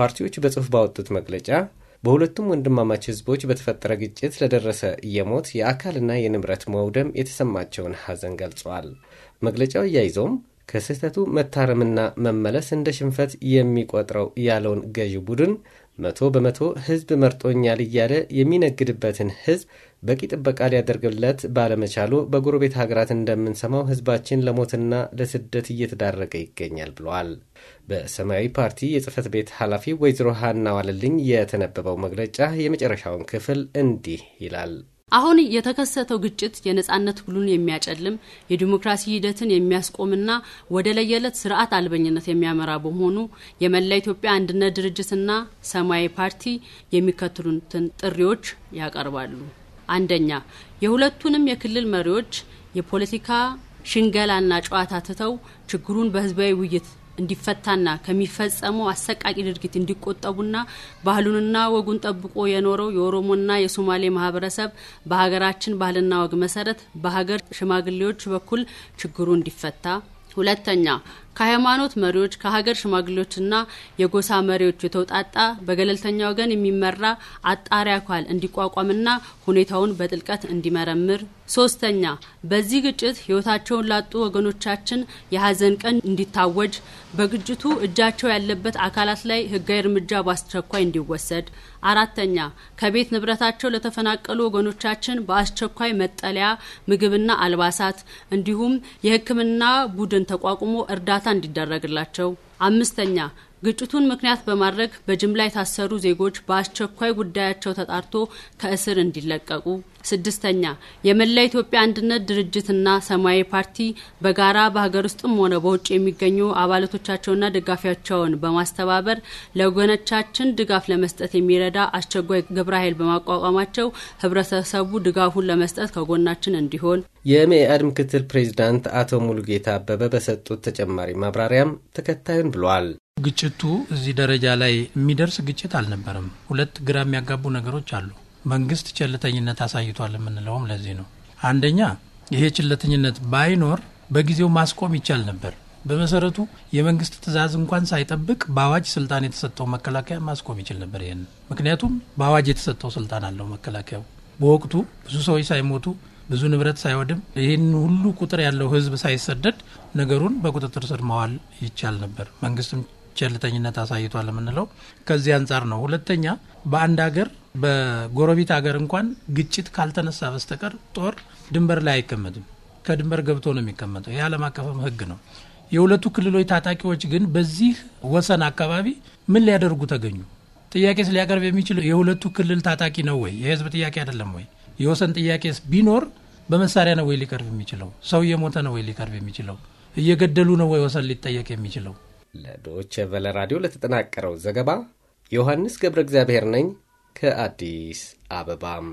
ፓርቲዎች በጽሑፍ ባወጡት መግለጫ በሁለቱም ወንድማማች ህዝቦች በተፈጠረ ግጭት ለደረሰ የሞት የአካልና የንብረት መውደም የተሰማቸውን ሐዘን ገልጸዋል። መግለጫው እያይዞም ከስህተቱ መታረምና መመለስ እንደ ሽንፈት የሚቆጥረው ያለውን ገዢ ቡድን መቶ በመቶ ህዝብ መርጦኛል እያለ የሚነግድበትን ህዝብ በቂ ጥበቃ ሊያደርግለት ባለመቻሉ በጎረቤት ሀገራት እንደምንሰማው ህዝባችን ለሞትና ለስደት እየተዳረገ ይገኛል ብለዋል። በሰማያዊ ፓርቲ የጽህፈት ቤት ኃላፊ ወይዘሮ ሀና ዋለልኝ የተነበበው መግለጫ የመጨረሻውን ክፍል እንዲህ ይላል። አሁን የተከሰተው ግጭት የነጻነት ሁሉን የሚያጨልም የዲሞክራሲ ሂደትን የሚያስቆምና ወደ ለየለት ስርዓት አልበኝነት የሚያመራ በመሆኑ የመላ ኢትዮጵያ አንድነት ድርጅትና ሰማያዊ ፓርቲ የሚከተሉትን ጥሪዎች ያቀርባሉ። አንደኛ፣ የሁለቱንም የክልል መሪዎች የፖለቲካ ሽንገላና ጨዋታ ትተው ችግሩን በህዝባዊ ውይይት እንዲፈታና ከሚፈጸመው አሰቃቂ ድርጊት እንዲቆጠቡና ባህሉንና ወጉን ጠብቆ የኖረው የኦሮሞና የሶማሌ ማህበረሰብ በሀገራችን ባህልና ወግ መሰረት በሀገር ሽማግሌዎች በኩል ችግሩ እንዲፈታ ሁለተኛ ከሃይማኖት መሪዎች ከሀገር ሽማግሌዎችና የጎሳ መሪዎች የተውጣጣ በገለልተኛ ወገን የሚመራ አጣሪ አካል እንዲቋቋምና ሁኔታውን በጥልቀት እንዲመረምር። ሶስተኛ በዚህ ግጭት ህይወታቸውን ላጡ ወገኖቻችን የሀዘን ቀን እንዲታወጅ፣ በግጭቱ እጃቸው ያለበት አካላት ላይ ህጋዊ እርምጃ በአስቸኳይ እንዲወሰድ። አራተኛ ከቤት ንብረታቸው ለተፈናቀሉ ወገኖቻችን በአስቸኳይ መጠለያ፣ ምግብና አልባሳት እንዲሁም የህክምና ቡድን ተቋቁሞ እርዳታ እርዳታ እንዲደረግላቸው አምስተኛ ግጭቱን ምክንያት በማድረግ በጅምላ የታሰሩ ዜጎች በአስቸኳይ ጉዳያቸው ተጣርቶ ከእስር እንዲለቀቁ። ስድስተኛ የመላ ኢትዮጵያ አንድነት ድርጅትና ሰማያዊ ፓርቲ በጋራ በሀገር ውስጥም ሆነ በውጭ የሚገኙ አባላቶቻቸውና ደጋፊያቸውን በማስተባበር ለወገኖቻችን ድጋፍ ለመስጠት የሚረዳ አስቸኳይ ግብረ ኃይል በማቋቋማቸው ህብረተሰቡ ድጋፉን ለመስጠት ከጎናችን እንዲሆን። የመኢአድ ምክትል ፕሬዚዳንት አቶ ሙሉጌታ አበበ በሰጡት ተጨማሪ ማብራሪያም ተከታዩን ብሏል። ግጭቱ እዚህ ደረጃ ላይ የሚደርስ ግጭት አልነበረም። ሁለት ግራ የሚያጋቡ ነገሮች አሉ። መንግስት ቸልተኝነት አሳይቷል የምንለውም ለዚህ ነው። አንደኛ ይሄ ቸልተኝነት ባይኖር በጊዜው ማስቆም ይቻል ነበር። በመሰረቱ የመንግስት ትዕዛዝ እንኳን ሳይጠብቅ በአዋጅ ስልጣን የተሰጠው መከላከያ ማስቆም ይችል ነበር ይህን። ምክንያቱም በአዋጅ የተሰጠው ስልጣን አለው መከላከያው። በወቅቱ ብዙ ሰዎች ሳይሞቱ ብዙ ንብረት ሳይወድም ይህን ሁሉ ቁጥር ያለው ህዝብ ሳይሰደድ ነገሩን በቁጥጥር ስር መዋል ይቻል ነበር። መንግስትም ቸልተኝነት አሳይቷል የምንለው ከዚህ አንጻር ነው። ሁለተኛ በአንድ ሀገር በጎረቤት ሀገር እንኳን ግጭት ካልተነሳ በስተቀር ጦር ድንበር ላይ አይቀመጥም። ከድንበር ገብቶ ነው የሚቀመጠው። የዓለም አቀፍም ህግ ነው። የሁለቱ ክልሎች ታጣቂዎች ግን በዚህ ወሰን አካባቢ ምን ሊያደርጉ ተገኙ? ጥያቄ ስሊያቀርብ የሚችል የሁለቱ ክልል ታጣቂ ነው ወይ? የህዝብ ጥያቄ አይደለም ወይ? የወሰን ጥያቄስ ቢኖር በመሳሪያ ነው ወይ ሊቀርብ የሚችለው? ሰው እየሞተ ነው ወይ ሊቀርብ የሚችለው? እየገደሉ ነው ወይ ወሰን ሊጠየቅ የሚችለው? ለዶቼ ቨለ ራዲዮ ለተጠናቀረው ዘገባ ዮሐንስ ገብረ እግዚአብሔር ነኝ ከአዲስ አበባም